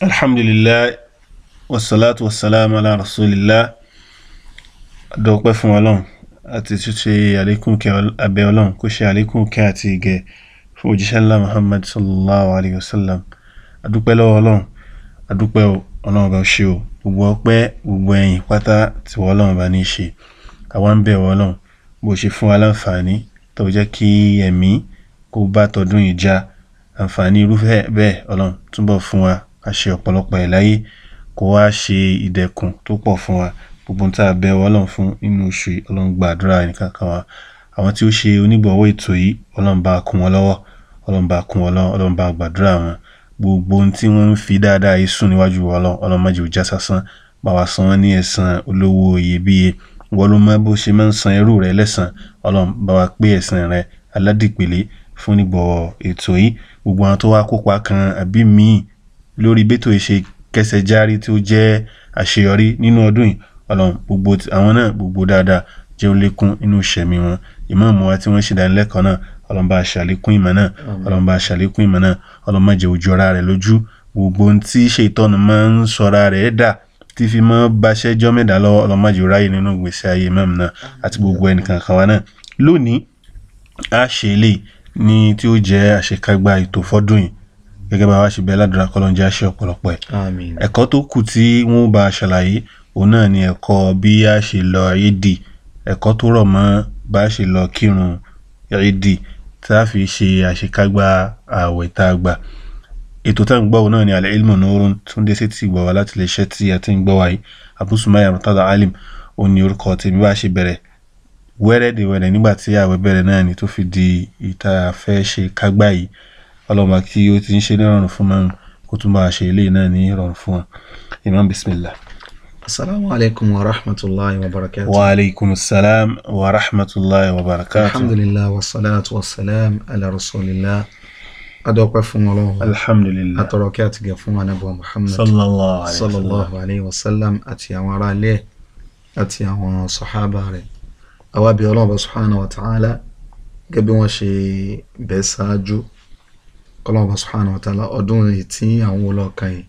alhamdulillah wasalaatu wasalaamu ala rasulillah adọ́pẹ́ fún ọlọ́run àti ṣíṣe àlékún kẹ abẹ́ ọlọ́run kó ṣe àlékún kẹ àti ìgẹ̀ fún òjíṣẹ́ ńlá muhammad sallallahu alayhi wa sallam adúpẹ́ lọ́wọ́ ọlọ́run adúpẹ́ ọlọ́run bá ṣe o gbogbo ọpẹ́ gbogbo ẹ̀yìn pátá tí wọ́n ọlọ́run bá ní í ṣe àwa ń bẹ̀ wọ́n ọlọ́run bó ṣe fún wa láǹfààní tó jẹ́ kí ẹ̀mí kó bá tọdún ìjà àǹfààní irúfẹ́ bẹ́ẹ̀ ọlọ́run túbọ̀ fún wa ká ṣe ọ̀pọ̀lọpọ̀ ẹ̀ láyé kó wá ṣe ìdẹ̀kùn tó pọ̀ fún wa. Gbogbo ohun a bẹ Ọlọ́run fún nínú oṣù Ọlọ́run gba àdúrà wa. Àwọn tí ó ṣe onígbọ̀wọ́ ètò yìí, Ọlọ́run bá kún wọn lọ́wọ́, Ọlọ́run bá kún wọn lọ́wọ́, Ọlọ́run bá gba àdúrà wọn. Gbogbo ohun tí wọ́n ń fi dáadáa yìí sùn níwájú wa Ọlọ́run, Ọlọ́run má jẹ já sásán. Bá wa san wọ́n ní ẹ̀san olówó iyebíye. Ìwọ ló mọ bó ṣe máa ń san ẹrú rẹ lẹ́sàn. Ọlọ́run bá wa pé ẹ̀san rẹ aládìpèlé fún onígbọ̀wọ́ ètò yìí. Gbogbo àwọn tó wá kópa kan àbí mi lórí bẹ́tò ìṣe kẹsẹ̀ járí tí ó jẹ́ àṣeyọrí nínú ọdún yìí ọlọ́run gbogbo àwọn náà gbogbo dáadáa jẹ́ ó lékún nínú ìṣẹ̀mí wọn ìmáàmù wa tí wọ́n ṣe ìdánilẹ́kọ̀ọ́ náà ọlọ́run bá ṣàlékún ìmọ̀ náà ọlọ́run bá ṣàlékún ìmọ̀ náà ọlọ́run má jẹ́ ojú ọ̀rá rẹ̀ lójú gbogbo ohun tí ṣètọ́nù máa ń sọ̀ra rẹ̀ dà tí fi mọ́ baṣẹ́ jọ́ mẹ́ta lọ́wọ́ ọlọ́run má jẹ́ ráyè nínú ìgbésí ayé ìmáàmù náà àti gbogbo ẹnìkan kan wa náà lónìí a eléyìí ní tí ó jẹ́ àṣekágbá ètò fọ́dún yìí gẹ́gẹ́ bá wa ṣe bẹ́ẹ̀ ládùúrà kọ́lọ́n jẹ́ àṣẹ ọ̀pọ̀lọpọ̀ ẹ̀. ẹ̀kọ́ tó kù tí wọ́n bá a ṣàlàyé òun náà ni ẹ̀kọ́ bí a ṣe lọ ìdì ẹ̀kọ́ tó rọ̀ mọ́ bá a ṣe lọ kírun ìdì tá a fi ṣe àṣekágbá ààwẹ̀ tá a gbà. ètò tá à ń gbọ́ òun náà ni Al Ilmu Nurun Túndé Sétí gbọ́ wa láti lè ṣẹ́ tí a ti ń gbọ́ wa yìí Abu Alim òun ni orúkọ tèmi bá a ṣe bẹ̀rẹ̀ wẹ́rẹ́dẹ̀wẹ̀rẹ̀ nígbà tí ààwẹ̀ bẹ̀rẹ̀ náà ni tó fi di ìta fẹ́ ṣe kágbá yìí ọlọ́mọba kí ó ti ń ṣe ní ìrọ̀rùn fún mọ́mù kó tún bá a ṣe eléyìí náà ní ìrọ̀rùn fún wọn imam bismillah. asalaamu alaykum wa rahmatulahi wa barakatu. wa alaykum salaam wa rahmatulahi wa barakatu. alhamdulilah wa salatu wa salaam ala rasulillah adọ́pẹ́ fún ọlọ́run alhamdulilayi atọ́rọ̀ kí a ti gẹ̀ fún anabu muhammad sallallahu alayhi wa sallam àti àwọn ará àti àwọn sọ̀hábà rẹ̀ àwa bí ọlọ́run subhanahu wa ta'ala gẹ́gẹ́ bí wọ́n ṣe bẹ̀ ṣáájú kọlọ́ọ̀bà subhanahu wa ta'ala ọdún yìí tí àwọn olóòka yìí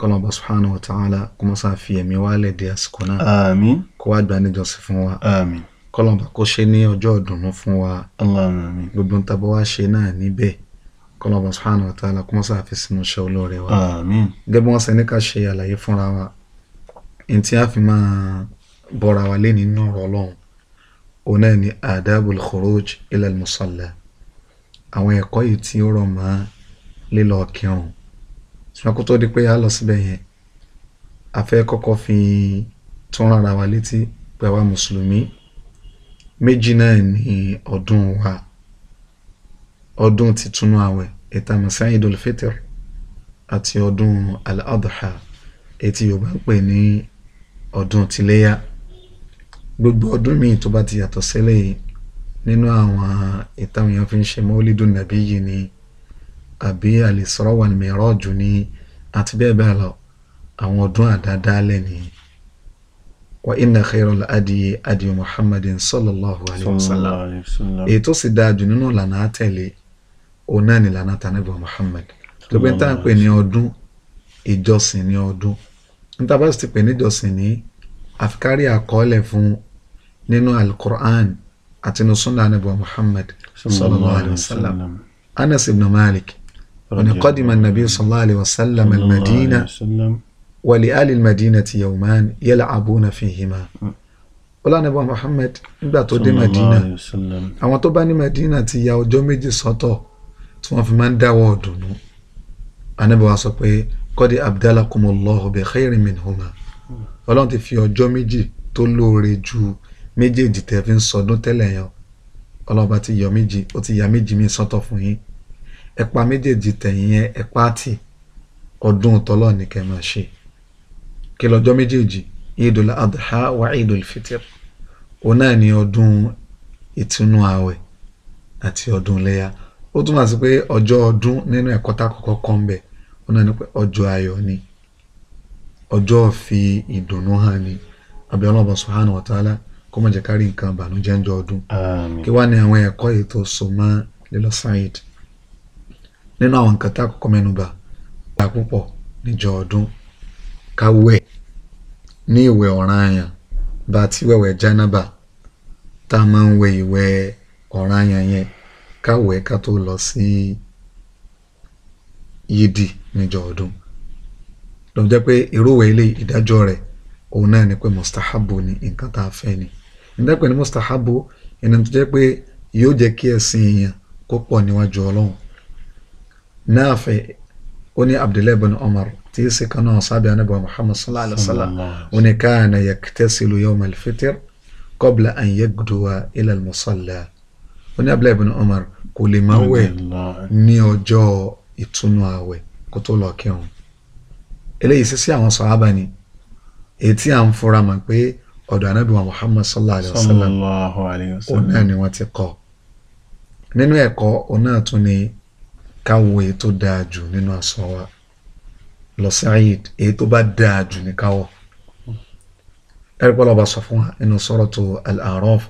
kọlọ́ọ̀bà subhanahu wa ta'ala kó mọ́ sáà fi ẹ̀mí wa lẹ̀ dé àsìkò náà àmín kó wá gbà níjọsìn fún wa àmín kọlọ́ọ̀bà kó ṣe ní ọjọ́ ìdùnnú fún wa àmín gbogbo ń tabọ́ wá ṣe náà níbẹ̀ kọlọ́ọ̀bà subhanahu wa ta'ala kó mọ́ sáà fi sínú iṣẹ́ olóore wa àmín gẹ́gẹ́ bí wọ́n ní ká ṣe àlàyé fúnra wa n tí a fi máa bọ́ra wa lé nínú ọ̀rọ̀ ọlọ́run òun náà ni adabul khuruj ilal musalla àwọn ẹ̀kọ́ yìí tí ó rọ̀ mọ́ lílọ kírun ṣùgbọ́n kó tó di pé a lọ síbẹ̀ yẹn a fẹ́ kọ́kọ́ fi tún rárá wa létí pé àwa mùsùlùmí méjì náà ní ọdún wa ọdún títúnú àwẹ̀ ìtàmùsá Eidul Fitr àti ọdún al-adha etí yorùbá ń pè ní ọdún tiléyà gbogbo ọdún míì tó bá ti yàtọ̀ sílẹ̀ yìí nínú àwọn ìtàwọn èèyàn fi ń ṣe mọ́lídùn nàbí yìí ni àbí al-Isra wal-Miraj ni àti bẹ́ẹ̀ bẹ́ẹ̀ lọ àwọn ọdún àdáadáalẹ̀ ni wa inna khairal adyi adyu muhammadin sallallahu alayhi wa sallam èyí tó sì dáa jù nínú ìlànà àtẹ̀lé òun náà ni ìlànà tànàbí muhammad tó pé táà pè ní ọdún ìjọsìn ní ọdún níta bá sì ti pè ní ìjọsìn ní àfikárí àkọọ́lẹ̀ fún nínú al-Qur'an àti ní sunna anabi muhammad sallallahu alayhi wa sallam anas ibn malik wani qadima nabi sallallahu alayhi wa sallam almadina wali ali almadina ti yawman yal'abuna fihima ọlọ́nàbọ̀ muhammad nígbà tó dé madina àwọn tó bá ní madina ti ya ọjọ́ méjì sọ́tọ̀ tí wọ́n fi máa ń dáwọ́ ọ̀dùnnú anábì wa sọ pé kọ́dí abdalakumullahu bi khairin minhuma ọlọ́run ti fi ọjọ́ méjì tó lóore ju méjèèjì tẹ́ fi ń sọdún tẹ́lẹ̀ yẹn ọlọ́ba ti yọ méjì ó ti ya méjì míì sọ́tọ̀ fún yín ẹ pa méjèèjì tẹ̀yìn yẹn ẹ pa á tì ọdún tọ́lọ́ ní kẹ́ máa ṣe kí lọ́jọ́ méjèèjì Eidul Adha wa Eidul Fitr òun náà ní ọdún ìtúnú ààwẹ̀ àti ọdún iléyà ó túmọ̀ sí pé ọjọ́ ọdún nínú ẹ̀kọ́ tá kọ́kọ́ kọ́ ń bẹ̀ ó náà ní pé ọjọ́ ayọ̀ ni ọjọ́ fi ìdùnnú hàn ni àbí Ọlọ́hun subhanahu wa ta'ala kó má jẹ́ ká rí nǹkan ìbànújẹ́ ń jọ ọdún kí wá ní àwọn ẹ̀kọ́ yìí tó so mọ́ lílọ sáyid nínú àwọn nǹkan tá a kọ́kọ́ mẹ́nuba gba púpọ̀ níjọ ọdún ká wẹ̀ ní ìwẹ̀ ọ̀ranyàn bá ti wẹ̀wẹ̀ jánábà tá a máa ń wẹ̀ ìwẹ̀ ọ̀ranyàn yẹn ká ká tó lọ sí yídì níjọ ọdún lọ́jọ́ pé irúwẹ̀ ilé ìdájọ́ rẹ̀ òun náà ni pé mustahabu ni nǹkan tá a fẹ́ ni ìdẹ́pẹ́ ni mustahabu ẹni tó jẹ́ pé yóò jẹ́ kí ẹ̀sìn èèyàn kó pọ̀ níwájú ọlọ́run Nafi ó ní abdullahi bin umar tí í ṣe kan náà sábẹ́ anábì muhammad sallallahu alayhi wa sallam ó ní kana yaktasilu yawm al-fitr qabla an yagduwa ila al-musalla ó ní abdullahi bin umar kò lè máa wẹ̀ ní ọjọ́ ìtúnu ààwẹ̀ kó tó lọ kírun eléyìí sísí àwọn sàhábà ni èyí tí à ń fura mọ̀ pé ọ̀dọ̀ anábì wa muhammad sallallahu alayhi wa sallam òun náà ni wọ́n ti kọ́ nínú ẹ̀kọ́ òun náà tún ni ká wo èyí tó dáa jù nínú aṣọ wa lọ sí ayid èyí tó bá dáa jù ní káwọ̀ ẹ̀rí pọ́lọ́ bá sọ fún wa nínú suratu al-A'raf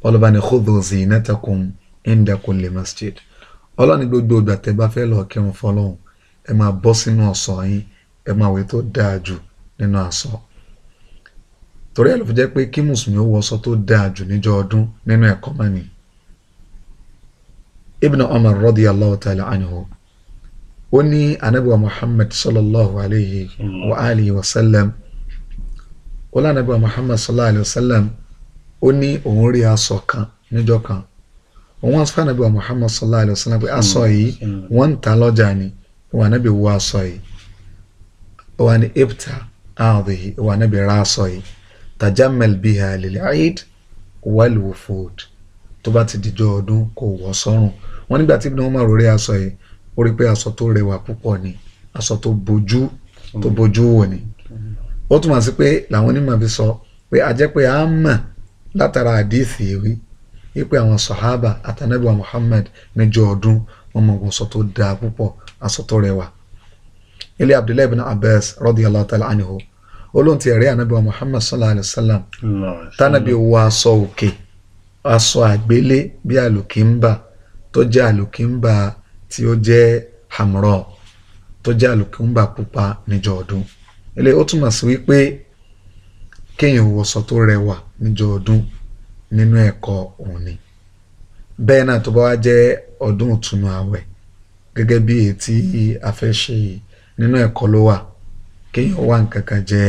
pọ́lọ́ bá ní khudhu zinatakum inda kulli masjid ọlọ́ni gbogbo ìgbà tẹ́ bá fẹ́ lọ kírun fọlọ́hún ẹ máa bọ́ sínú ọ̀ṣọ́ yín ẹ máa wẹ̀ tó dáa jù nínú aṣọ torí ẹ̀ ló fi jẹ́ pé kí mùsùlùmí ó wọṣọ tó dáa jù níjọ́ ọdún nínú ẹ̀kọ́ máa ní. Ibn Umar radiyallahu ta'ala anhu ó ní anabiwa Muhammad sallallahu alayhi wa alihi wa sallam ó ní anabiwa Muhammad sallallahu alayhi wa sallam ó ní òun rí aṣọ kan níjọ́ kan òun aṣọ kan anabiwa Muhammad sallallahu alayhi wa sallam pé aṣọ yìí wọ́n ń ta lọ́jà ni wọn anabi wọ aṣọ yìí wọn ni ibta aadhi wọn anabi ra aṣọ yìí tajamal biha lil'id walwufud tó bá ti dijọ́ ọdún kò wọ̀ sọ́rùn wọn nígbà tí Ibn Umar rí aṣọ yìí ó rí pé aṣọ tó rẹwà púpọ̀ ni aṣọ tó bojú tó bojú wò ni ó túmọ̀ sí pé làwọn onímọ̀ fi sọ pé a jẹ́ pé a mọ̀ látara àdìsí rí wípé àwọn sàhábà àtànẹ́bùwà Muhammad níjọ́ ọdún wọn mọ̀ wọn aṣọ tó dáa púpọ̀ aṣọ tó rẹwà ilé Abdullahi bin Abbas radiyallahu ta'ala olóhùn ti ẹ̀rí ànábì wa muhammad sallallahu alayhi wa sallam tánàbí wọ aṣọ òkè aṣọ àgbélé bí àlùkìmbà tó jẹ́ àlùkìmbà tí ó jẹ́ hamrọ tó jẹ́ àlùkìmbà pupa níjọ ọdún ilé ó túmọ̀ sí wípé kéèyàn wọṣọ tó rẹwà níjọ ọdún nínú ẹ̀kọ́ òun ni bẹ́ẹ̀ náà tó bá wá jẹ́ ọdún àwẹ̀ gẹ́gẹ́ kéèyàn wá nǹkan kan jẹ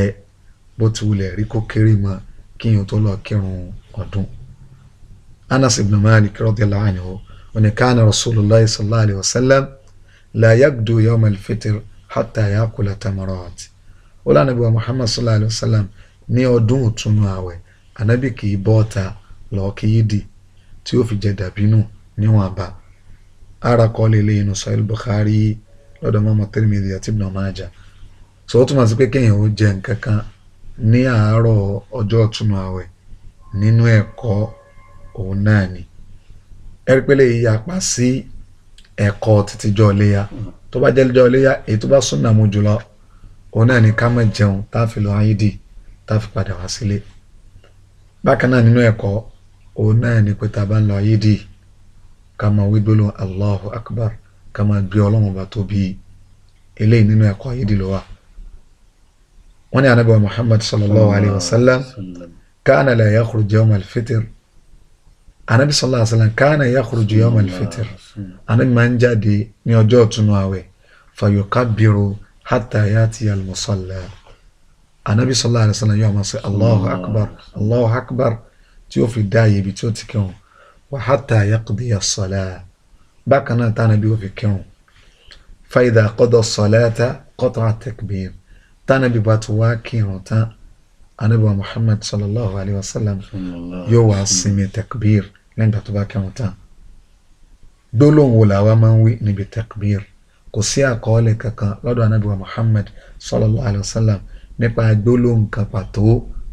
bó ti wulẹ̀ rí kó kéré mọ́ kéèyàn tó lọ kírun ọdún. Anas ibn Malik radiyallahu anhu oní kánà rasulullah sallallahu alayhi wa sallam la yagdu yawm al-fitr hatta yakula tamarat ó lánàá wa Muhammad sallallahu alayhi wa sallam ní ọdún òtúnú àwẹ̀ ànábì kì í bọ́ ọ̀ta lọ́ọ́ kì í dì tí ó fi jẹ dàbínú níwọ̀n àbá ara kọ́ lélẹ́yìn nù sahih Bukhari lọ́dọ̀ mọ́mọ́ Tirmidhi àti Ibn Majah so ó túmọ̀ sí pé kéèyàn ó jẹ nǹkan kan ní àárọ̀ ọjọ́ ọ̀túnú àwẹ̀ nínú ẹ̀kọ́ òun náà ni ẹ̀rí pé lè yapa sí ẹ̀kọ́ títijọ́ léya tó bá jẹ́ lọ́jọ́ léya èyí tó bá súnà mú jùlọ òun náà ni ká má jẹun tá a fi lọ ayídì tá a fi padà wá sílé bákan náà nínú ẹ̀kọ́ òun náà ni pé tá a bá وني أنا بو محمد صلى الله عليه وسلم كان لا يخرج يوم الفطر أنا بي صلى الله كان يخرج يوم الفطر أنا من جدي نيوجوت نواوي فيكبر حتى يأتي المصلى أنا بي صلى الله عليه وسلم يوم أصلي الله أكبر الله أكبر تيو في داي بتوتكم وحتى يقضي الصلاة بكنا تانا بيو في فإذا قضى الصلاة قطع التكبير tánàbí bá ti wá kírun tán anábà muhammad sallallahu alayhi wa sallam yóò wá sinmi takbir lẹ́yìn ìgbà tó bá kírun tán gbólóhùn wo làwa máa ń wí níbi takbir kò sí àkọọ́lẹ̀ kankan lọ́dọ̀ anábì wa muhammad sallallahu alayhi wa sallam nípa gbólóhùn kan pàtó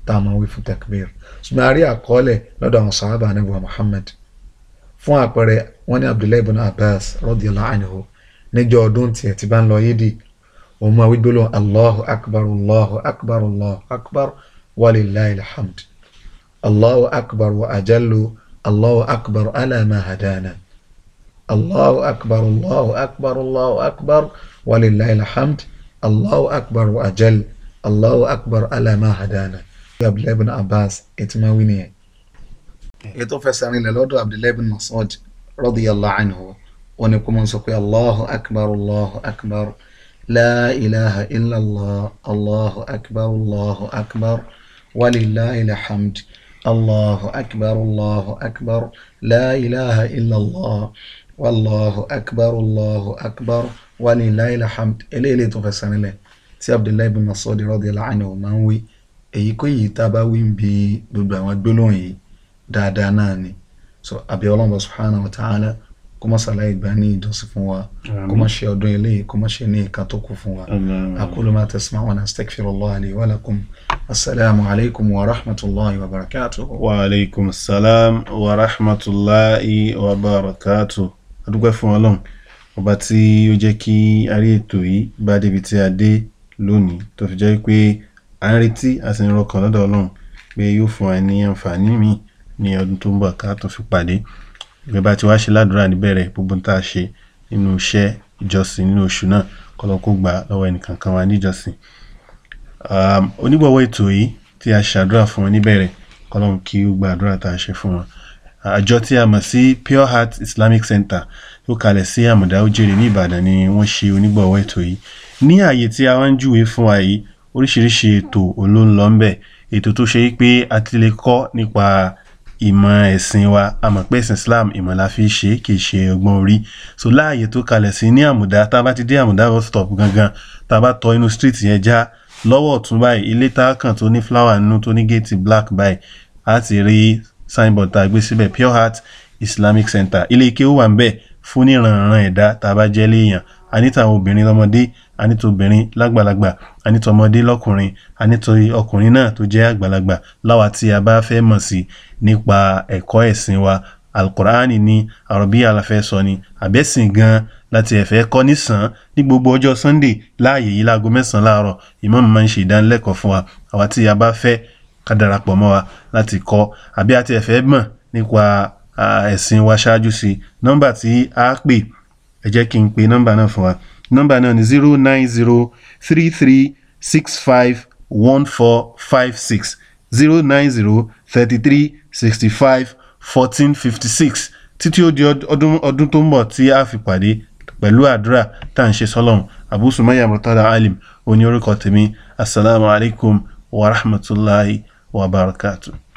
tá a máa wí fún takbir ṣùgbọ́n a rí àkọọ́lẹ̀ lọ́dọ̀ àwọn sàhábà anábì muhammad fún àpẹẹrẹ wọn ní abdullahi ibn abbas radiyallahu anhu níjọ́ ọdún tiẹ̀ ti bá ń lọ yídì وما بيقولوا الله أكبر الله أكبر الله أكبر ولله الحمد الله أكبر وأجل الله أكبر على ما هدانا الله أكبر الله أكبر الله أكبر ولله الحمد الله أكبر وأجل الله أكبر على ما هدانا يا عبد الله بن عباس اتماويني يتوفى سامي للود عبد الله بن مسعود رضي الله عنه ونكم نسقي الله أكبر الله أكبر لا إله إلا الله الله أكبر الله أكبر ولله الحمد الله أكبر الله أكبر لا إله إلا الله والله أكبر الله أكبر ولله الحمد إليه لي تفسر له سي عبد الله بن مسعود رضي الله عنه ما هو èyí kò yìí tá a bá wí ń bi gbogbo àwọn gbólóhùn kó má ṣàlàyé gbà ní ìjọsìn fún wa kó má ṣe ọdún eléyìí kó má ṣe ní ìka tó kù fún wa aqulu ma tasma'una astaghfirullaha li wa lakum asalaamu alaykum wa rahmatulahi wa barakatu. wa aleykum salaam wa rahmatulahi wa barakatu. a dúpẹ́ fún ọlọ́run ọba tí ó jẹ́ kí a rí ètò yìí bá débi tí a dé lónìí tó fi jẹ́ pé à ń retí a sì ń rọkàn lọ́dọ̀ ọlọ́run pé yóò fún wa ní àǹfààní mi ní ọdún tó ń bọ̀ ká tó fi pàdé. Gẹ́gẹ́ bá ti wá ṣe ládùúrà níbẹ̀rẹ̀ gbogbo tá a ṣe nínú iṣẹ́ ìjọsìn nínú oṣù náà kọ́lọ́n kó gbà lọ́wọ́ ẹnìkankan wa níjọsìn. Onígbọ̀wọ́ ètò yìí tí a ṣàdúrà fún wọn níbẹ̀rẹ̀ kọ́lọ́n kí ó gba àdúrà tá a ṣe fún wọn. Àjọ tí a mọ̀ sí Pure Heart Islamic Center tó kalẹ̀ sí Àmọ̀dá Ojèrè ní Ìbàdàn ni wọ́n ṣe onígbọ̀wọ́ ètò yìí. Ní ààyè tí a wá ń júwe fún wa yìí oríṣiríṣi ètò òun ló ń lọ ńbẹ̀. Ètò tó ṣe wí pé a ti lè kọ́ nípa ìmọ̀ ẹ̀sìn wa a ẹ̀sìn Islam ìmọ̀ la fi ṣe kì í ṣe ọgbọ́n orí so láàyè tó kalẹ̀ sí ní àmùdá tá a bá ti dé àmùdá bus stop gangan tá a bá tọ inú street yẹn já lọ́wọ́ ọ̀tún báyìí ilé tá tó ní flower nínú tó ní géètì black báyìí a ti rí signboard tá a gbé síbẹ̀ Pure Heart Islamic Center ilé ike ó wà ń bẹ̀ fún ìrànràn ẹ̀dá tá a bá jẹ́ léèyàn Anita ní tàwọn obìnrin lọ́mọdé a ní tobìnrin lágbàlagbà a ní tọmọdé lọ́kùnrin a ní torí ọkùnrin náà tó jẹ́ àgbàlagbà láwa tí a bá fẹ́ mọ̀ sí nípa ẹ̀kọ́ ẹ̀sìn wa alukur'ani ni àròbí àlàfẹ́ sọ ni àbẹ́sìn gan-an láti ẹ̀fẹ́ kọ́ nísàn ní gbogbo ọjọ́ sunday láàyè yìí láago mẹ́sàn-án láàárọ̀ ìmáàmù máa ń ṣe ìdánilẹ́kọ̀ọ́ fún wa àwa tí a bá fẹ́ ká darapọ̀ mọ́ wa láti kọ́ àbí àti ẹ̀fẹ́ mọ̀ nípa ẹ̀sìn wa ṣáájú sí nọ́mbà tí a pè ẹ jẹ́ kí n pe nọ́mbà náà fún wa nọ́mbà náà ni zero nine zero three three six five one four five six zero nine zero thirty three sixty five fourteen fifty six títí ó di ọdún ọdún tó ń bọ̀ tí a fi pàdé pẹ̀lú àdúrà tá à ń ṣe sọ́lọ́run Abu Sumayya Murtada Alim oní orúkọ tèmi asalaamualeykum wa rahmatulahi wa barakatuh.